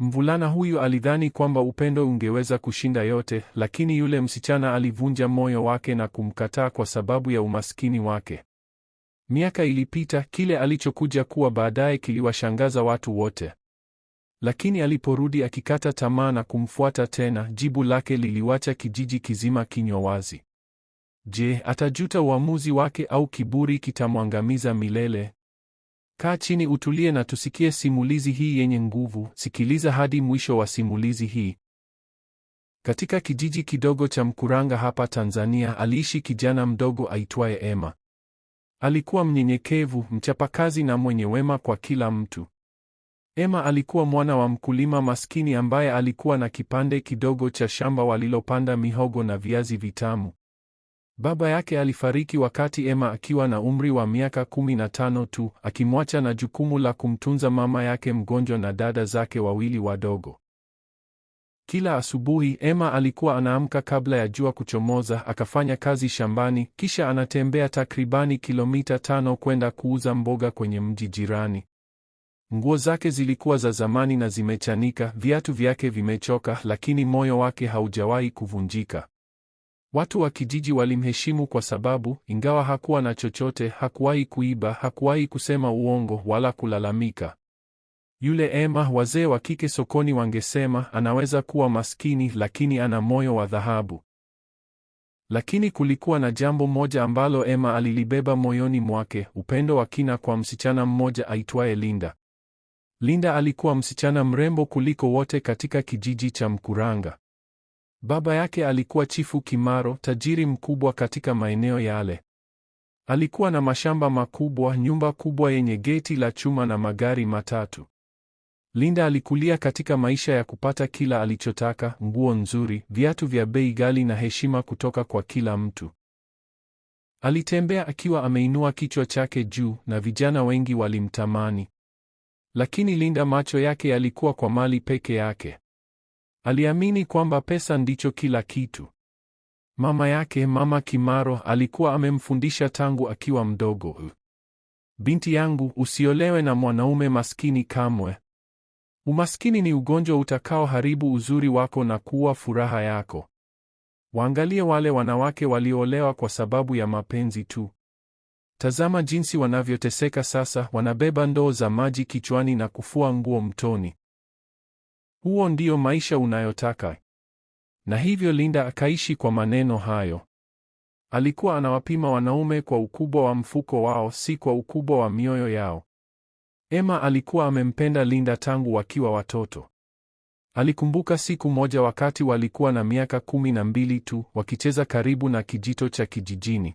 Mvulana huyu alidhani kwamba upendo ungeweza kushinda yote, lakini yule msichana alivunja moyo wake na kumkataa kwa sababu ya umaskini wake. Miaka ilipita, kile alichokuja kuwa baadaye kiliwashangaza watu wote. Lakini aliporudi akikata tamaa na kumfuata tena, jibu lake liliwacha kijiji kizima kinywa wazi. Je, atajuta uamuzi wake au kiburi kitamwangamiza milele? Kaa chini utulie na tusikie simulizi hii yenye nguvu. Sikiliza hadi mwisho wa simulizi hii. Katika kijiji kidogo cha Mkuranga hapa Tanzania, aliishi kijana mdogo aitwaye Emma. Alikuwa mnyenyekevu, mchapakazi na mwenye wema kwa kila mtu. Emma alikuwa mwana wa mkulima maskini ambaye alikuwa na kipande kidogo cha shamba walilopanda mihogo na viazi vitamu. Baba yake alifariki wakati Emma akiwa na umri wa miaka 15 tu, akimwacha na jukumu la kumtunza mama yake mgonjwa na dada zake wawili wadogo. Kila asubuhi Emma alikuwa anaamka kabla ya jua kuchomoza, akafanya kazi shambani, kisha anatembea takribani kilomita tano kwenda kuuza mboga kwenye mji jirani. Nguo zake zilikuwa za zamani na zimechanika, viatu vyake vimechoka, lakini moyo wake haujawahi kuvunjika. Watu wa kijiji walimheshimu kwa sababu, ingawa hakuwa na chochote, hakuwahi kuiba, hakuwahi kusema uongo wala kulalamika. Yule Emma, wazee wa kike sokoni wangesema, anaweza kuwa maskini lakini ana moyo wa dhahabu. Lakini kulikuwa na jambo moja ambalo Emma alilibeba moyoni mwake, upendo wa kina kwa msichana mmoja aitwaye Linda. Linda alikuwa msichana mrembo kuliko wote katika kijiji cha Mkuranga. Baba yake alikuwa chifu Kimaro, tajiri mkubwa katika maeneo yale. Alikuwa na mashamba makubwa, nyumba kubwa yenye geti la chuma na magari matatu. Linda alikulia katika maisha ya kupata kila alichotaka, nguo nzuri, viatu vya bei ghali na heshima kutoka kwa kila mtu. Alitembea akiwa ameinua kichwa chake juu na vijana wengi walimtamani. Lakini Linda macho yake yalikuwa kwa mali peke yake. Aliamini kwamba pesa ndicho kila kitu. Mama yake Mama Kimaro alikuwa amemfundisha tangu akiwa mdogo, binti yangu, usiolewe na mwanaume maskini kamwe. Umaskini ni ugonjwa utakaoharibu uzuri wako na kuua furaha yako. Waangalie wale wanawake walioolewa kwa sababu ya mapenzi tu. Tazama jinsi wanavyoteseka sasa, wanabeba ndoo za maji kichwani na kufua nguo mtoni. Huo ndio maisha unayotaka? Na hivyo Linda akaishi kwa maneno hayo. Alikuwa anawapima wanaume kwa ukubwa wa mfuko wao, si kwa ukubwa wa mioyo yao. Emma alikuwa amempenda Linda tangu wakiwa watoto. Alikumbuka siku moja wakati walikuwa na miaka kumi na mbili tu, wakicheza karibu na kijito cha kijijini.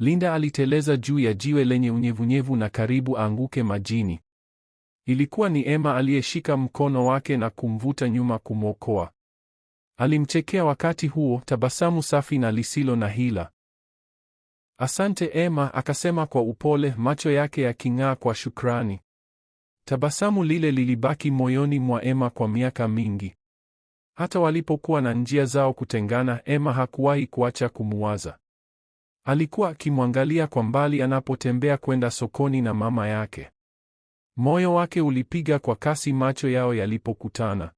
Linda aliteleza juu ya jiwe lenye unyevunyevu na karibu aanguke majini. Ilikuwa ni Emma aliyeshika mkono wake na kumvuta nyuma kumwokoa. Alimchekea wakati huo, tabasamu safi na lisilo na hila. Asante Emma, akasema kwa upole, macho yake yaking'aa kwa shukrani. Tabasamu lile lilibaki moyoni mwa Emma kwa miaka mingi. Hata walipokuwa na njia zao kutengana, Emma hakuwahi kuacha kumuwaza. Alikuwa akimwangalia kwa mbali anapotembea kwenda sokoni na mama yake. Moyo wake ulipiga kwa kasi macho yao yalipokutana.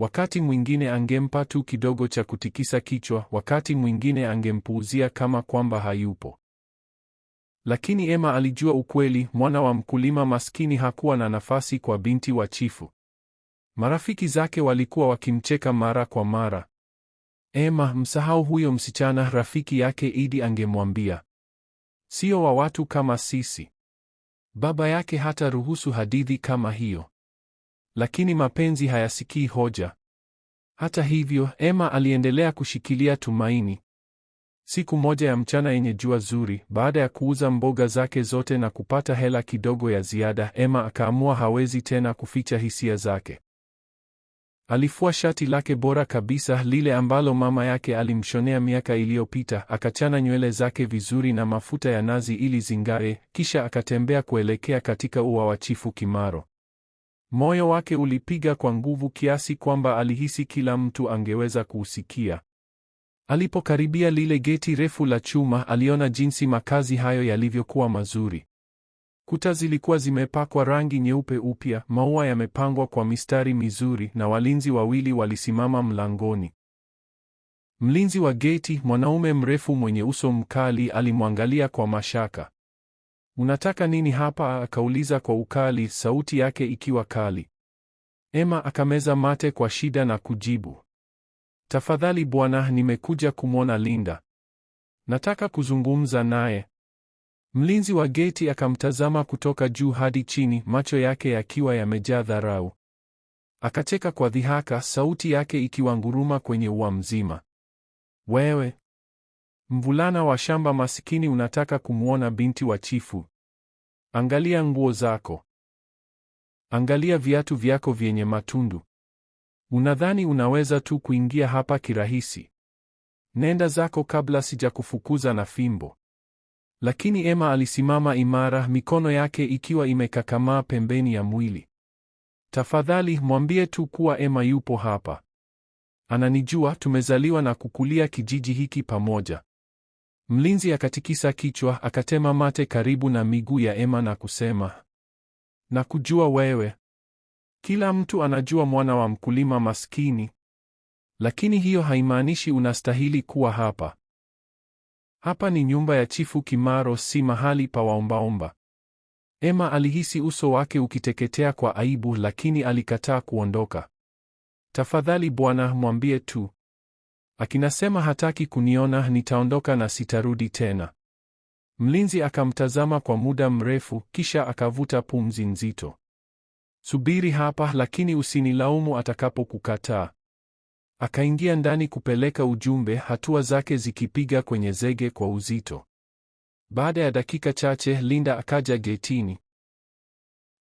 Wakati mwingine angempa tu kidogo cha kutikisa kichwa, wakati mwingine angempuuzia kama kwamba hayupo. Lakini Emma alijua ukweli, mwana wa mkulima maskini hakuwa na nafasi kwa binti wa chifu. Marafiki zake walikuwa wakimcheka mara kwa mara. Emma, msahau huyo msichana, rafiki yake Idi angemwambia. Sio wa watu kama sisi. Baba yake hata ruhusu hadithi kama hiyo, lakini mapenzi hayasikii hoja. Hata hivyo, Emma aliendelea kushikilia tumaini. Siku moja ya mchana yenye jua zuri, baada ya kuuza mboga zake zote na kupata hela kidogo ya ziada, Emma akaamua hawezi tena kuficha hisia zake. Alifua shati lake bora kabisa, lile ambalo mama yake alimshonea miaka iliyopita, akachana nywele zake vizuri na mafuta ya nazi ili zingare, kisha akatembea kuelekea katika ua wa Chifu Kimaro. Moyo wake ulipiga kwa nguvu kiasi kwamba alihisi kila mtu angeweza kuusikia. Alipokaribia lile geti refu la chuma, aliona jinsi makazi hayo yalivyokuwa mazuri. Kuta zilikuwa zimepakwa rangi nyeupe upya, maua yamepangwa kwa mistari mizuri na walinzi wawili walisimama mlangoni. Mlinzi wa geti, mwanaume mrefu mwenye uso mkali, alimwangalia kwa mashaka. Unataka nini hapa? akauliza kwa ukali, sauti yake ikiwa kali. Emma akameza mate kwa shida na kujibu, tafadhali bwana, nimekuja kumwona Linda. Nataka kuzungumza naye. Mlinzi wa geti akamtazama kutoka juu hadi chini, macho yake yakiwa yamejaa dharau. Akacheka kwa dhihaka, sauti yake ikiwanguruma kwenye ua mzima. Wewe mvulana wa shamba masikini, unataka kumwona binti wa chifu? Angalia nguo zako, angalia viatu vyako vyenye matundu. Unadhani unaweza tu kuingia hapa kirahisi? Nenda zako kabla sijakufukuza na fimbo. Lakini Emma alisimama imara, mikono yake ikiwa imekakamaa pembeni ya mwili. Tafadhali mwambie tu kuwa Emma yupo hapa. Ananijua, tumezaliwa na kukulia kijiji hiki pamoja. Mlinzi akatikisa kichwa, akatema mate karibu na miguu ya Emma na kusema, nakujua wewe. Kila mtu anajua mwana wa mkulima maskini. Lakini hiyo haimaanishi unastahili kuwa hapa. Hapa ni nyumba ya Chifu Kimaro, si mahali pa waombaomba. Emma alihisi uso wake ukiteketea kwa aibu, lakini alikataa kuondoka. Tafadhali bwana, mwambie tu. Akinasema hataki kuniona, nitaondoka na sitarudi tena. Mlinzi akamtazama kwa muda mrefu, kisha akavuta pumzi nzito. Subiri hapa, lakini usinilaumu atakapokukataa. Akaingia ndani kupeleka ujumbe, hatua zake zikipiga kwenye zege kwa uzito. Baada ya dakika chache, Linda akaja getini.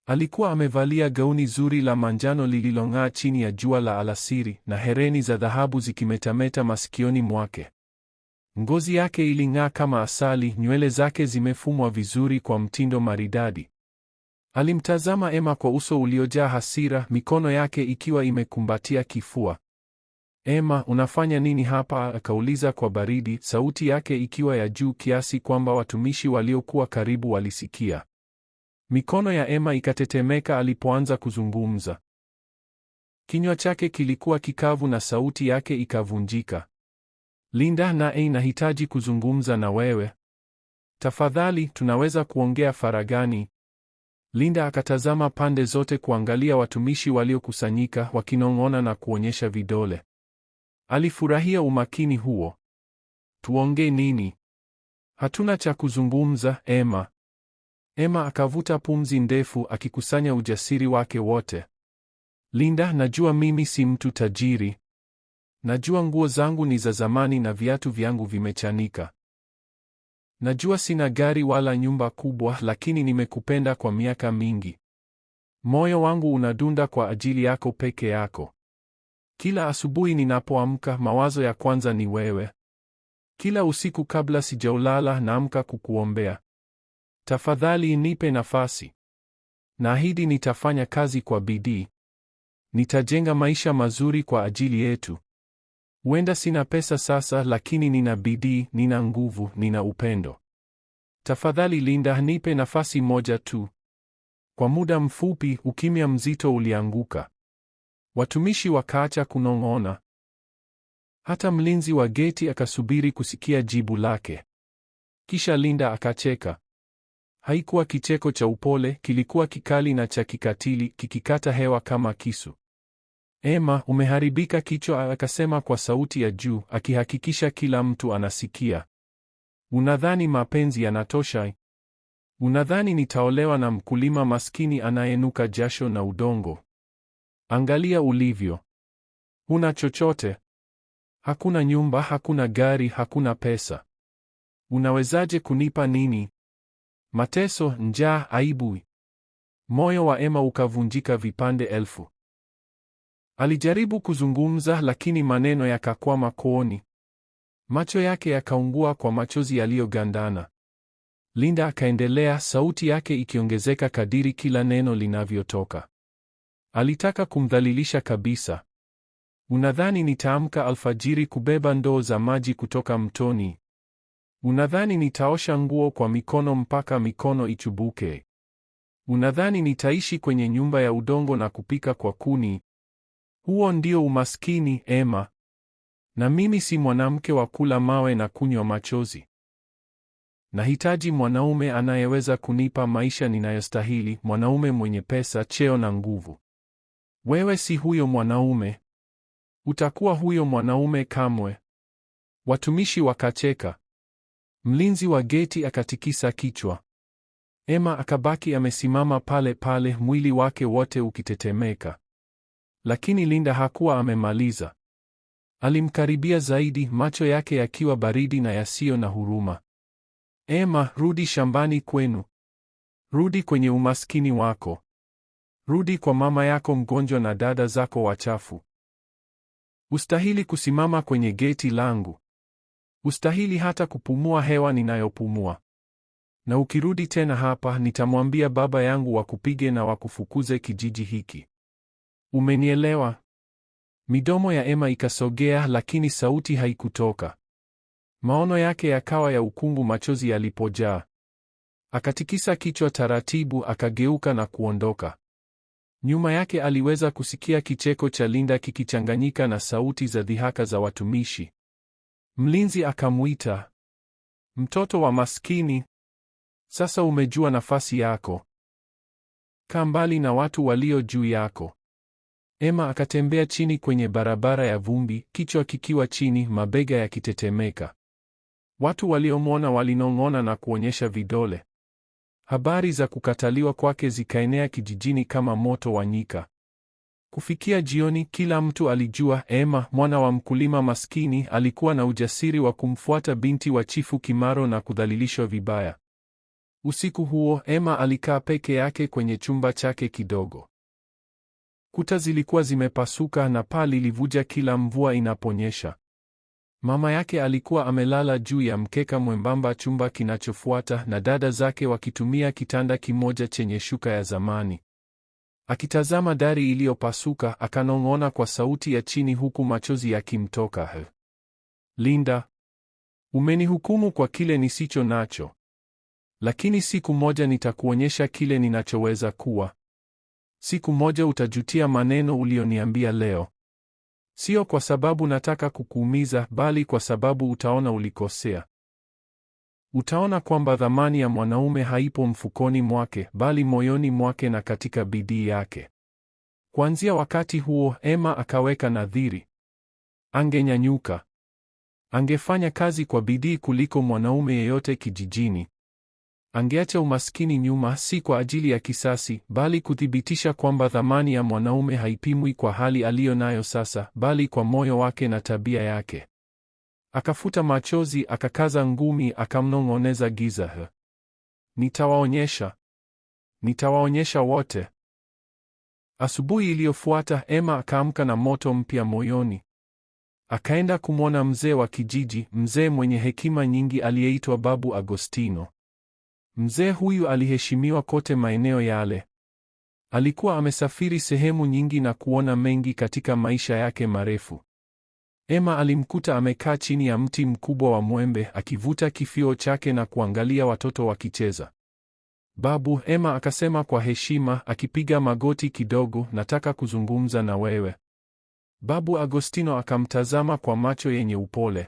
Alikuwa amevalia gauni zuri la manjano lililong'aa chini ya jua la alasiri na hereni za dhahabu zikimetameta masikioni mwake. Ngozi yake iling'aa kama asali, nywele zake zimefumwa vizuri kwa mtindo maridadi. Alimtazama Emma kwa uso uliojaa hasira, mikono yake ikiwa imekumbatia kifua. Emma, unafanya nini hapa? akauliza kwa baridi, sauti yake ikiwa ya juu kiasi kwamba watumishi waliokuwa karibu walisikia. Mikono ya Emma ikatetemeka alipoanza kuzungumza. Kinywa chake kilikuwa kikavu na sauti yake ikavunjika. Linda, nae inahitaji kuzungumza na wewe. Tafadhali, tunaweza kuongea faragani? Linda akatazama pande zote kuangalia watumishi waliokusanyika wakinong'ona na kuonyesha vidole. Alifurahia umakini huo. Tuongee nini? Hatuna cha kuzungumza, Emma. Emma akavuta pumzi ndefu akikusanya ujasiri wake wote. Linda, najua mimi si mtu tajiri. Najua nguo zangu ni za zamani na viatu vyangu vimechanika. Najua sina gari wala nyumba kubwa, lakini nimekupenda kwa miaka mingi. Moyo wangu unadunda kwa ajili yako peke yako. Kila asubuhi ninapoamka, mawazo ya kwanza ni wewe. Kila usiku kabla sijaulala, naamka kukuombea. Tafadhali nipe nafasi. Naahidi nitafanya kazi kwa bidii. Nitajenga maisha mazuri kwa ajili yetu. Huenda sina pesa sasa, lakini nina bidii, nina nguvu, nina upendo. Tafadhali Linda, nipe nafasi moja tu. Kwa muda mfupi, ukimya mzito ulianguka. Watumishi wakaacha kunong'ona. Hata mlinzi wa geti akasubiri kusikia jibu lake. Kisha Linda akacheka. Haikuwa kicheko cha upole, kilikuwa kikali na cha kikatili, kikikata hewa kama kisu. Emma, umeharibika kichwa, akasema kwa sauti ya juu, akihakikisha kila mtu anasikia. Unadhani mapenzi yanatosha? Unadhani nitaolewa na mkulima maskini anayenuka jasho na udongo? Angalia ulivyo. Huna chochote. Hakuna nyumba, hakuna gari, hakuna pesa. Unawezaje kunipa nini? Mateso, njaa, aibu. Moyo wa Emma ukavunjika vipande elfu. Alijaribu kuzungumza lakini maneno yakakwama kooni. Macho yake yakaungua kwa machozi yaliyogandana. Linda akaendelea, sauti yake ikiongezeka kadiri kila neno linavyotoka. Alitaka kumdhalilisha kabisa. Unadhani nitaamka alfajiri kubeba ndoo za maji kutoka mtoni? Unadhani nitaosha nguo kwa mikono mpaka mikono ichubuke? Unadhani nitaishi kwenye nyumba ya udongo na kupika kwa kuni? Huo ndio umaskini, Emma. Na mimi si mwanamke wa kula mawe na kunywa machozi. Nahitaji mwanaume anayeweza kunipa maisha ninayostahili, mwanaume mwenye pesa, cheo na nguvu. Wewe si huyo mwanaume, utakuwa huyo mwanaume kamwe. Watumishi wakacheka. Mlinzi wa geti akatikisa kichwa. Emma akabaki amesimama pale pale, mwili wake wote ukitetemeka. Lakini Linda hakuwa amemaliza. Alimkaribia zaidi, macho yake yakiwa baridi na yasiyo na huruma. Emma, rudi shambani kwenu, rudi kwenye umaskini wako. Rudi kwa mama yako mgonjwa na dada zako wachafu. Ustahili kusimama kwenye geti langu. Ustahili hata kupumua hewa ninayopumua. Na ukirudi tena hapa, nitamwambia baba yangu wakupige na wakufukuze kijiji hiki. Umenielewa? Midomo ya Emma ikasogea, lakini sauti haikutoka. Maono yake yakawa ya ukungu, machozi yalipojaa. Akatikisa kichwa taratibu, akageuka na kuondoka. Nyuma yake aliweza kusikia kicheko cha Linda kikichanganyika na sauti za dhihaka za watumishi. Mlinzi akamwita, mtoto wa maskini, sasa umejua nafasi yako, kaa mbali na watu walio juu yako. Emma akatembea chini kwenye barabara ya vumbi, kichwa kikiwa chini, mabega yakitetemeka. Watu waliomwona walinong'ona na kuonyesha vidole. Habari za kukataliwa kwake zikaenea kijijini kama moto wa nyika. Kufikia jioni, kila mtu alijua Emma, mwana wa mkulima maskini, alikuwa na ujasiri wa kumfuata binti wa chifu Kimaro na kudhalilishwa vibaya. Usiku huo Emma alikaa peke yake kwenye chumba chake kidogo. Kuta zilikuwa zimepasuka na paa lilivuja kila mvua inaponyesha. Mama yake alikuwa amelala juu ya mkeka mwembamba chumba kinachofuata, na dada zake wakitumia kitanda kimoja chenye shuka ya zamani. Akitazama dari iliyopasuka, akanong'ona kwa sauti ya chini huku machozi yakimtoka, Linda, umenihukumu kwa kile nisicho nacho, lakini siku moja nitakuonyesha kile ninachoweza kuwa. Siku moja utajutia maneno ulioniambia leo. Sio kwa sababu nataka kukuumiza, bali kwa sababu utaona ulikosea. Utaona kwamba thamani ya mwanaume haipo mfukoni mwake, bali moyoni mwake na katika bidii yake. Kuanzia wakati huo, Emma akaweka nadhiri. Angenyanyuka. Angefanya kazi kwa bidii kuliko mwanaume yeyote kijijini. Angeacha umaskini nyuma, si kwa ajili ya kisasi, bali kuthibitisha kwamba thamani ya mwanaume haipimwi kwa hali aliyo nayo sasa, bali kwa moyo wake na tabia yake. Akafuta machozi, akakaza ngumi, akamnong'oneza giza, nitawaonyesha, nitawaonyesha wote. Asubuhi iliyofuata Emma akaamka na moto mpya moyoni. Akaenda kumwona mzee wa kijiji, mzee mwenye hekima nyingi aliyeitwa Babu Agostino. Mzee huyu aliheshimiwa kote maeneo yale. Alikuwa amesafiri sehemu nyingi na kuona mengi katika maisha yake marefu. Emma alimkuta amekaa chini ya mti mkubwa wa mwembe akivuta kifio chake na kuangalia watoto wakicheza. Babu, Emma akasema kwa heshima akipiga magoti kidogo, nataka kuzungumza na wewe. Babu Agostino akamtazama kwa macho yenye upole.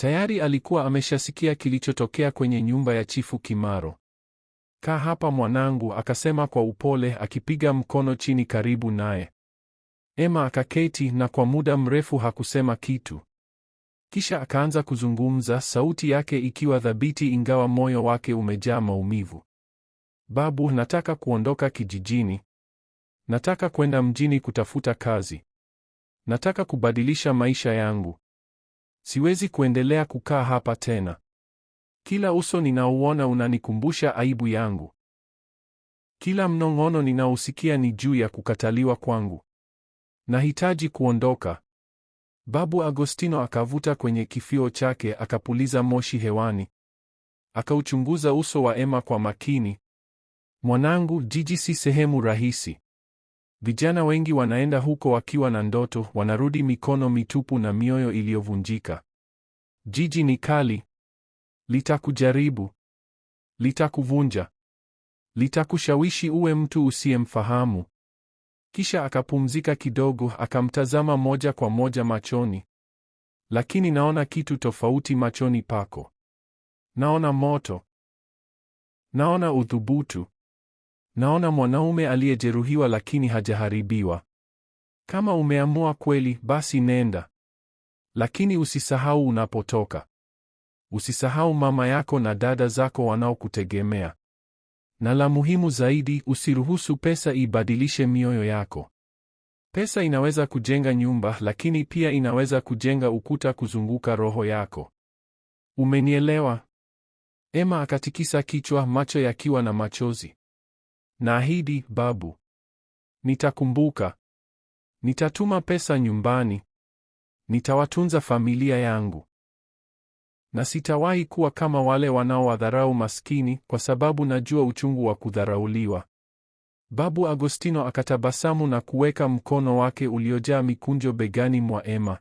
Tayari alikuwa ameshasikia kilichotokea kwenye nyumba ya Chifu Kimaro. Kaa hapa mwanangu, akasema kwa upole, akipiga mkono chini karibu naye. Emma akaketi na kwa muda mrefu hakusema kitu. Kisha akaanza kuzungumza, sauti yake ikiwa thabiti ingawa moyo wake umejaa maumivu. Babu, nataka kuondoka kijijini. Nataka kwenda mjini kutafuta kazi. Nataka kubadilisha maisha yangu. Siwezi kuendelea kukaa hapa tena. Kila uso ninauona unanikumbusha aibu yangu. Kila mnong'ono ninaosikia ni juu ya kukataliwa kwangu. Nahitaji kuondoka. Babu Agostino akavuta kwenye kifio chake, akapuliza moshi hewani. Akauchunguza uso wa Emma kwa makini. Mwanangu, jiji si sehemu rahisi. Vijana wengi wanaenda huko wakiwa na ndoto, wanarudi mikono mitupu na mioyo iliyovunjika. Jiji ni kali, litakujaribu, litakuvunja, litakushawishi uwe mtu usiyemfahamu. Kisha akapumzika kidogo, akamtazama moja kwa moja machoni. Lakini naona kitu tofauti machoni pako. Naona moto, naona uthubutu, Naona mwanaume aliyejeruhiwa lakini hajaharibiwa. Kama umeamua kweli, basi nenda, lakini usisahau unapotoka. Usisahau mama yako na dada zako wanaokutegemea, na la muhimu zaidi, usiruhusu pesa ibadilishe mioyo yako. Pesa inaweza kujenga nyumba, lakini pia inaweza kujenga ukuta kuzunguka roho yako. Umenielewa? Emma akatikisa kichwa, macho yakiwa na machozi. Naahidi babu, nitakumbuka. Nitatuma pesa nyumbani. Nitawatunza familia yangu, na sitawahi kuwa kama wale wanaowadharau maskini, kwa sababu najua uchungu wa kudharauliwa. Babu Agostino akatabasamu na kuweka mkono wake uliojaa mikunjo begani mwa Emma.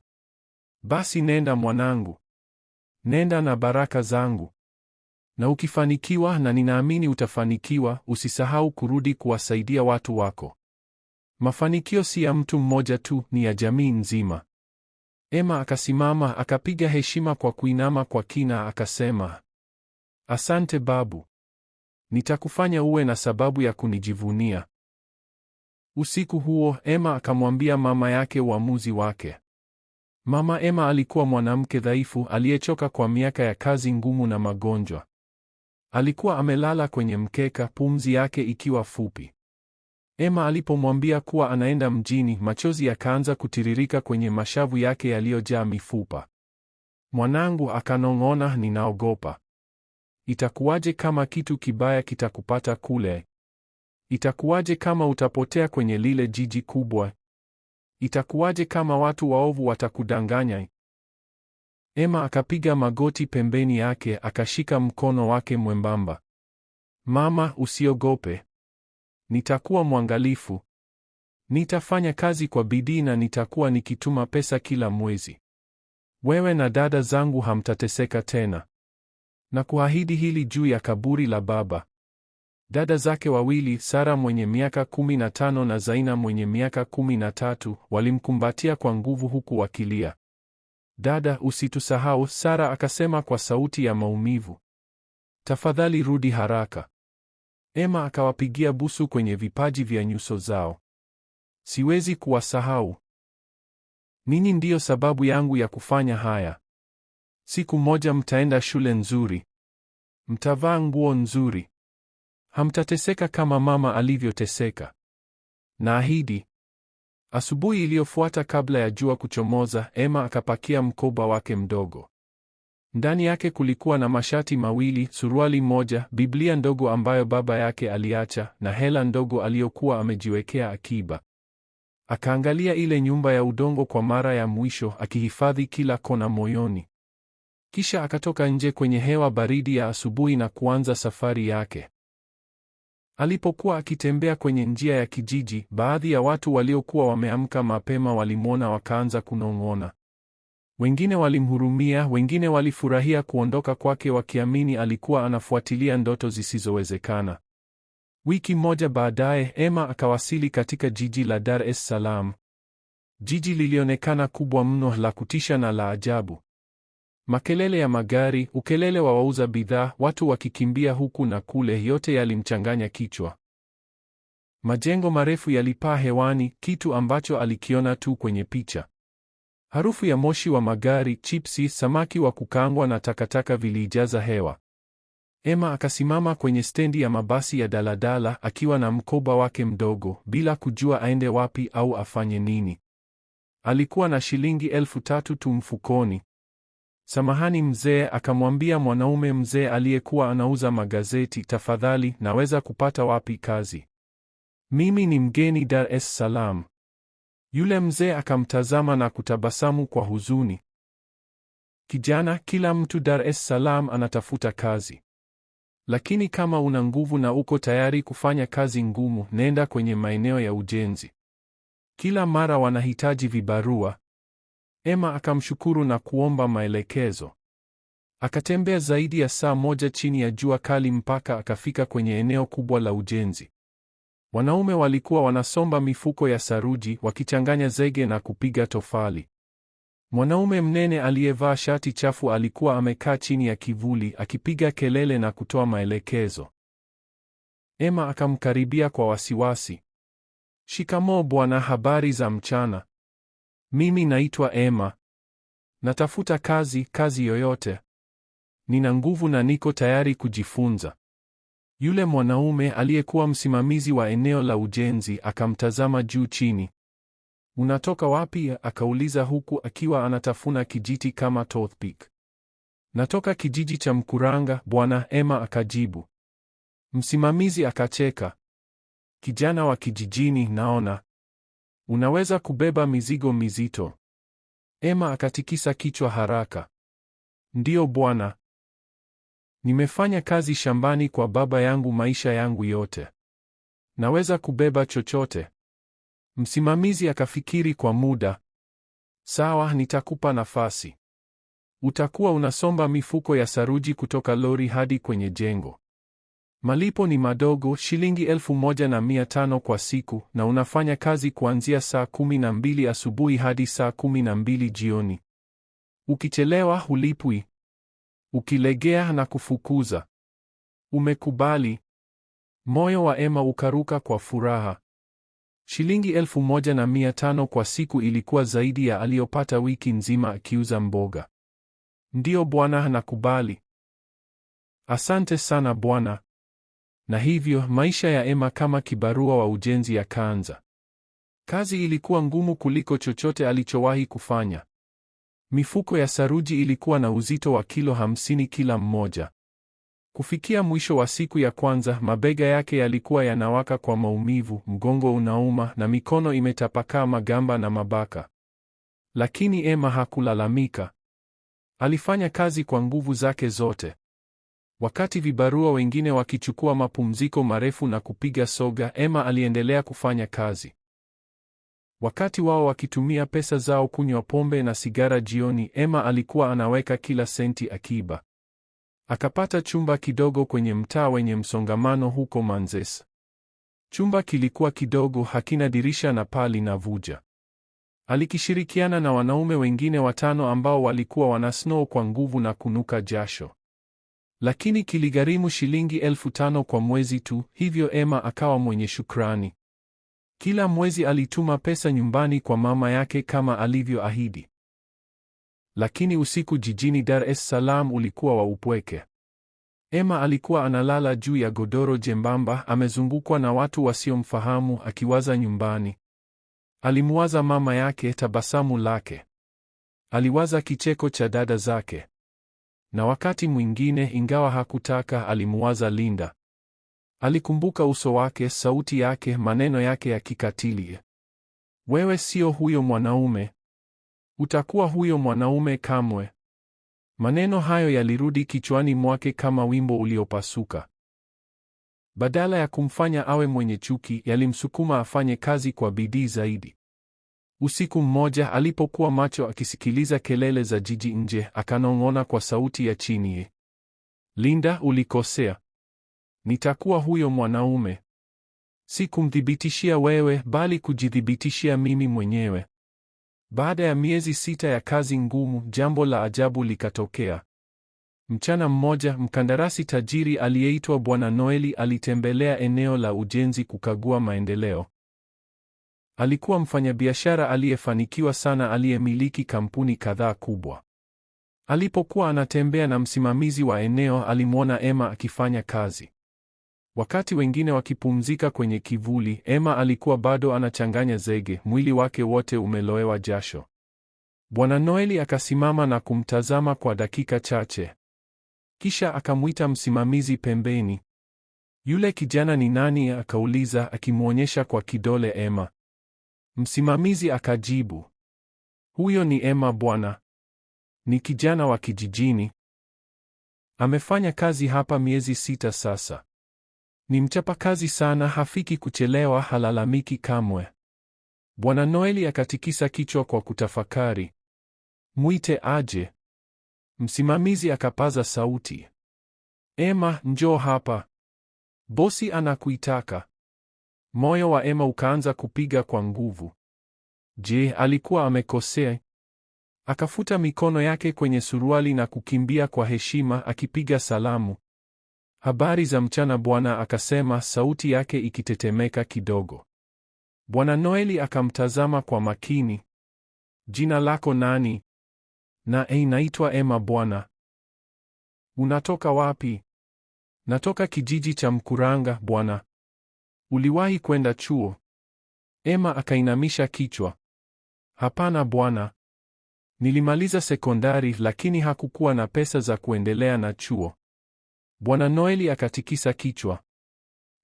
Basi nenda mwanangu, nenda na baraka zangu. Na ukifanikiwa, na ninaamini utafanikiwa, usisahau kurudi kuwasaidia watu wako. Mafanikio si ya mtu mmoja tu, ni ya jamii nzima. Emma akasimama, akapiga heshima kwa kuinama kwa kina, akasema, asante babu, nitakufanya uwe na sababu ya kunijivunia. Usiku huo Emma akamwambia mama yake uamuzi wake. Mama Emma alikuwa mwanamke dhaifu aliyechoka kwa miaka ya kazi ngumu na magonjwa. Alikuwa amelala kwenye mkeka, pumzi yake ikiwa fupi. Emma alipomwambia kuwa anaenda mjini, machozi yakaanza kutiririka kwenye mashavu yake yaliyojaa mifupa. Mwanangu, akanong'ona, ninaogopa. Itakuwaje kama kitu kibaya kitakupata kule? Itakuwaje kama utapotea kwenye lile jiji kubwa? Itakuwaje kama watu waovu watakudanganya? Emma akapiga magoti pembeni yake, akashika mkono wake mwembamba. Mama, usiogope, nitakuwa mwangalifu, nitafanya kazi kwa bidii na nitakuwa nikituma pesa kila mwezi. Wewe na dada zangu hamtateseka tena, na kuahidi hili juu ya kaburi la baba. Dada zake wawili, Sara mwenye miaka kumi na tano na Zaina mwenye miaka kumi na tatu walimkumbatia kwa nguvu huku wakilia. Dada, usitusahau, Sara akasema kwa sauti ya maumivu. Tafadhali rudi haraka. Emma akawapigia busu kwenye vipaji vya nyuso zao. Siwezi kuwasahau. nini ndiyo sababu yangu ya kufanya haya. Siku moja mtaenda shule nzuri. Mtavaa nguo nzuri. Hamtateseka kama mama alivyoteseka. Naahidi. Asubuhi iliyofuata kabla ya jua kuchomoza, Emma akapakia mkoba wake mdogo. Ndani yake kulikuwa na mashati mawili, suruali moja, Biblia ndogo ambayo baba yake aliacha na hela ndogo aliyokuwa amejiwekea akiba. Akaangalia ile nyumba ya udongo kwa mara ya mwisho, akihifadhi kila kona moyoni. Kisha akatoka nje kwenye hewa baridi ya asubuhi na kuanza safari yake. Alipokuwa akitembea kwenye njia ya kijiji, baadhi ya watu waliokuwa wameamka mapema walimwona wakaanza kunong'ona. Wengine walimhurumia, wengine walifurahia kuondoka kwake wakiamini alikuwa anafuatilia ndoto zisizowezekana. Wiki moja baadaye, Emma akawasili katika jiji la Dar es Salaam. Jiji lilionekana kubwa mno, la kutisha na la ajabu. Makelele ya magari, ukelele wa wauza bidhaa, watu wakikimbia huku na kule, yote yalimchanganya kichwa. Majengo marefu yalipaa hewani, kitu ambacho alikiona tu kwenye picha. Harufu ya moshi wa magari, chipsi, samaki wa kukaangwa na takataka viliijaza hewa. Emma akasimama kwenye stendi ya mabasi ya daladala akiwa na mkoba wake mdogo bila kujua aende wapi au afanye nini. Alikuwa na shilingi elfu tatu tu mfukoni. Samahani mzee, akamwambia mwanaume mzee aliyekuwa anauza magazeti, tafadhali, naweza kupata wapi kazi? Mimi ni mgeni Dar es Salaam. Yule mzee akamtazama na kutabasamu kwa huzuni. Kijana, kila mtu Dar es Salaam anatafuta kazi, lakini kama una nguvu na uko tayari kufanya kazi ngumu, nenda kwenye maeneo ya ujenzi. Kila mara wanahitaji vibarua. Emma akamshukuru na kuomba maelekezo. Akatembea zaidi ya saa moja chini ya jua kali mpaka akafika kwenye eneo kubwa la ujenzi. Wanaume walikuwa wanasomba mifuko ya saruji wakichanganya zege na kupiga tofali. Mwanaume mnene aliyevaa shati chafu alikuwa amekaa chini ya kivuli akipiga kelele na kutoa maelekezo. Emma akamkaribia kwa wasiwasi. Shikamoo bwana, habari za mchana? Mimi naitwa Emma. Natafuta kazi, kazi yoyote. Nina nguvu na niko tayari kujifunza. Yule mwanaume aliyekuwa msimamizi wa eneo la ujenzi akamtazama juu chini. Unatoka wapi? akauliza huku akiwa anatafuna kijiti kama toothpick. Natoka kijiji cha Mkuranga, Bwana, Emma akajibu. Msimamizi akacheka. Kijana wa kijijini naona. Unaweza kubeba mizigo mizito. Emma akatikisa kichwa haraka. Ndiyo bwana. Nimefanya kazi shambani kwa baba yangu maisha yangu yote. Naweza kubeba chochote. Msimamizi akafikiri kwa muda. Sawa, nitakupa nafasi. Utakuwa unasomba mifuko ya saruji kutoka lori hadi kwenye jengo. Malipo ni madogo, shilingi elfu moja na mia tano kwa siku, na unafanya kazi kuanzia saa kumi na mbili asubuhi hadi saa kumi na mbili jioni. Ukichelewa hulipwi, ukilegea na kufukuza. Umekubali. Moyo wa Emma ukaruka kwa furaha. Shilingi elfu moja na mia tano kwa siku ilikuwa zaidi ya aliyopata wiki nzima akiuza mboga. Ndiyo bwana, nakubali. Asante sana bwana. Na hivyo maisha ya Emma kama kibarua wa ujenzi yakaanza. Kazi ilikuwa ngumu kuliko chochote alichowahi kufanya. Mifuko ya saruji ilikuwa na uzito wa kilo hamsini kila mmoja. Kufikia mwisho wa siku ya kwanza, mabega yake yalikuwa yanawaka kwa maumivu, mgongo unauma na mikono imetapakaa magamba na mabaka. Lakini Emma hakulalamika. Alifanya kazi kwa nguvu zake zote. Wakati vibarua wengine wakichukua mapumziko marefu na kupiga soga, Emma aliendelea kufanya kazi. Wakati wao wakitumia pesa zao kunywa pombe na sigara jioni, Emma alikuwa anaweka kila senti akiba. Akapata chumba kidogo kwenye mtaa wenye msongamano huko Manzes. Chumba kilikuwa kidogo, hakina dirisha na paa linavuja. Alikishirikiana na wanaume wengine watano ambao walikuwa wanasnow kwa nguvu na kunuka jasho lakini kiligharimu shilingi elfu tano kwa mwezi tu, hivyo Emma akawa mwenye shukrani. Kila mwezi alituma pesa nyumbani kwa mama yake kama alivyoahidi. Lakini usiku jijini Dar es Salaam ulikuwa wa upweke. Emma alikuwa analala juu ya godoro jembamba, amezungukwa na watu wasiomfahamu, akiwaza nyumbani. Alimwaza mama yake, tabasamu lake, aliwaza kicheko cha dada zake, na wakati mwingine, ingawa hakutaka, alimuwaza Linda. Alikumbuka uso wake, sauti yake, maneno yake ya kikatili. Wewe sio huyo mwanaume. Utakuwa huyo mwanaume kamwe. Maneno hayo yalirudi kichwani mwake kama wimbo uliopasuka. Badala ya kumfanya awe mwenye chuki, yalimsukuma afanye kazi kwa bidii zaidi. Usiku mmoja alipokuwa macho akisikiliza kelele za jiji nje, akanong'ona kwa sauti ya chini, ye, eh, Linda, ulikosea. Nitakuwa huyo mwanaume, si kumthibitishia wewe, bali kujithibitishia mimi mwenyewe. Baada ya miezi sita ya kazi ngumu, jambo la ajabu likatokea. Mchana mmoja, mkandarasi tajiri aliyeitwa Bwana Noeli alitembelea eneo la ujenzi kukagua maendeleo. Alikuwa mfanyabiashara aliyefanikiwa sana aliyemiliki kampuni kadhaa kubwa. Alipokuwa anatembea na msimamizi wa eneo, alimwona Emma akifanya kazi. Wakati wengine wakipumzika kwenye kivuli, Emma alikuwa bado anachanganya zege, mwili wake wote umelowewa jasho. Bwana Noeli akasimama na kumtazama kwa dakika chache. Kisha akamwita msimamizi pembeni. Yule kijana ni nani? akauliza akimwonyesha kwa kidole Emma. Msimamizi akajibu, huyo ni Emma bwana, ni kijana wa kijijini, amefanya kazi hapa miezi sita sasa, ni mchapakazi sana, hafiki kuchelewa, halalamiki kamwe. Bwana Noeli akatikisa kichwa kwa kutafakari. Mwite aje? Msimamizi akapaza sauti, Emma, njoo hapa, bosi anakuitaka. Moyo wa Emma ukaanza kupiga kwa nguvu. Je, alikuwa amekosea? Akafuta mikono yake kwenye suruali na kukimbia kwa heshima akipiga salamu. Habari za mchana bwana, akasema sauti yake ikitetemeka kidogo. Bwana Noeli akamtazama kwa makini. Jina lako nani? Na ei, naitwa Emma bwana. Unatoka wapi? Natoka kijiji cha Mkuranga bwana. Uliwahi kwenda chuo? Emma akainamisha kichwa. Hapana bwana. Nilimaliza sekondari lakini hakukuwa na pesa za kuendelea na chuo. Bwana Noeli akatikisa kichwa.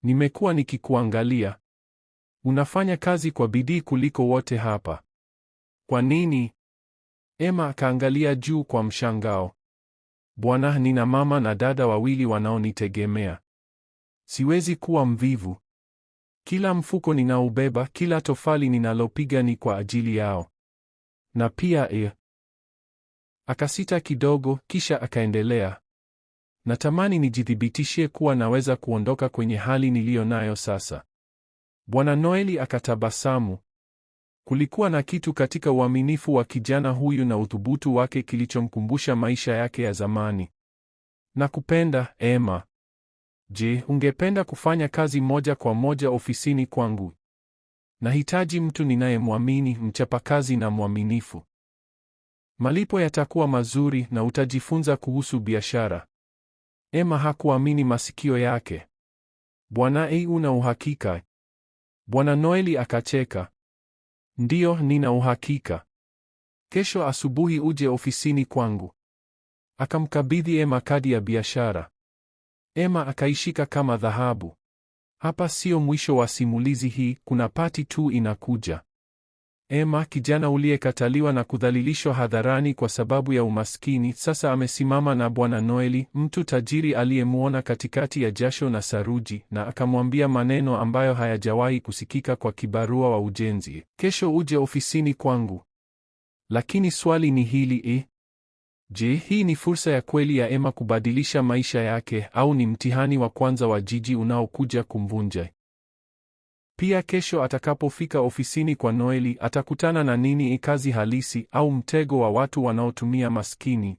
Nimekuwa nikikuangalia. Unafanya kazi kwa bidii kuliko wote hapa. Kwa nini? Emma akaangalia juu kwa mshangao. Bwana, nina mama na dada wawili wanaonitegemea. Siwezi kuwa mvivu. Kila mfuko ninaubeba, kila tofali ninalopiga ni kwa ajili yao. Na pia e. Akasita kidogo, kisha akaendelea, natamani nijithibitishie kuwa naweza kuondoka kwenye hali niliyo nayo sasa. Bwana Noeli akatabasamu. Kulikuwa na kitu katika uaminifu wa kijana huyu na uthubutu wake kilichomkumbusha maisha yake ya zamani. Nakupenda Emma. Je, ungependa kufanya kazi moja kwa moja ofisini kwangu? Nahitaji mtu ninayemwamini, mchapakazi na mwaminifu. Malipo yatakuwa mazuri na utajifunza kuhusu biashara. Emma hakuamini masikio yake. Bwana ei, una uhakika? Bwana Noeli akacheka. Ndiyo, nina uhakika. Kesho asubuhi uje ofisini kwangu. Akamkabidhi Emma kadi ya biashara. Emma akaishika kama dhahabu. Hapa sio mwisho wa simulizi hii, kuna pati tu inakuja. Emma, kijana uliyekataliwa na kudhalilishwa hadharani kwa sababu ya umaskini, sasa amesimama na Bwana Noeli, mtu tajiri aliyemwona katikati ya jasho na saruji, na akamwambia maneno ambayo hayajawahi kusikika kwa kibarua wa ujenzi: kesho uje ofisini kwangu. Lakini swali ni hili, eh, Je, hii ni fursa ya kweli ya Emma kubadilisha maisha yake au ni mtihani wa kwanza wa jiji unaokuja kumvunja? Pia kesho atakapofika ofisini kwa Noeli atakutana na nini, ikazi halisi au mtego wa watu wanaotumia maskini?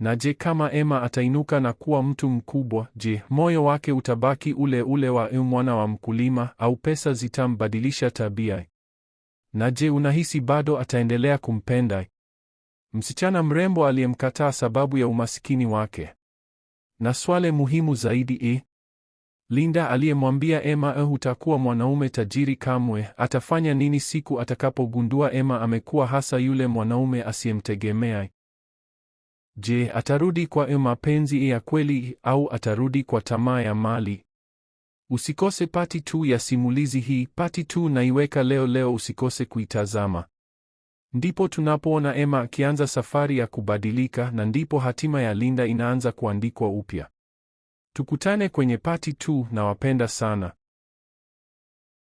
Na je, kama Emma atainuka na kuwa mtu mkubwa, je, moyo wake utabaki ule ule wa mwana wa mkulima au pesa zitambadilisha tabia? Na je, unahisi bado ataendelea kumpenda? msichana mrembo aliyemkataa sababu ya umasikini wake, na swale muhimu zaidi e, Linda aliyemwambia Emma eh, hutakuwa mwanaume tajiri kamwe, atafanya nini siku atakapogundua Emma amekuwa hasa yule mwanaume asiyemtegemea? Je, atarudi kwa mapenzi ya kweli au atarudi kwa tamaa ya mali? Usikose pati tu ya simulizi hii. Pati tu naiweka leo leo, usikose kuitazama. Ndipo tunapoona Emma akianza safari ya kubadilika na ndipo hatima ya Linda inaanza kuandikwa upya. Tukutane kwenye pati tu na wapenda sana.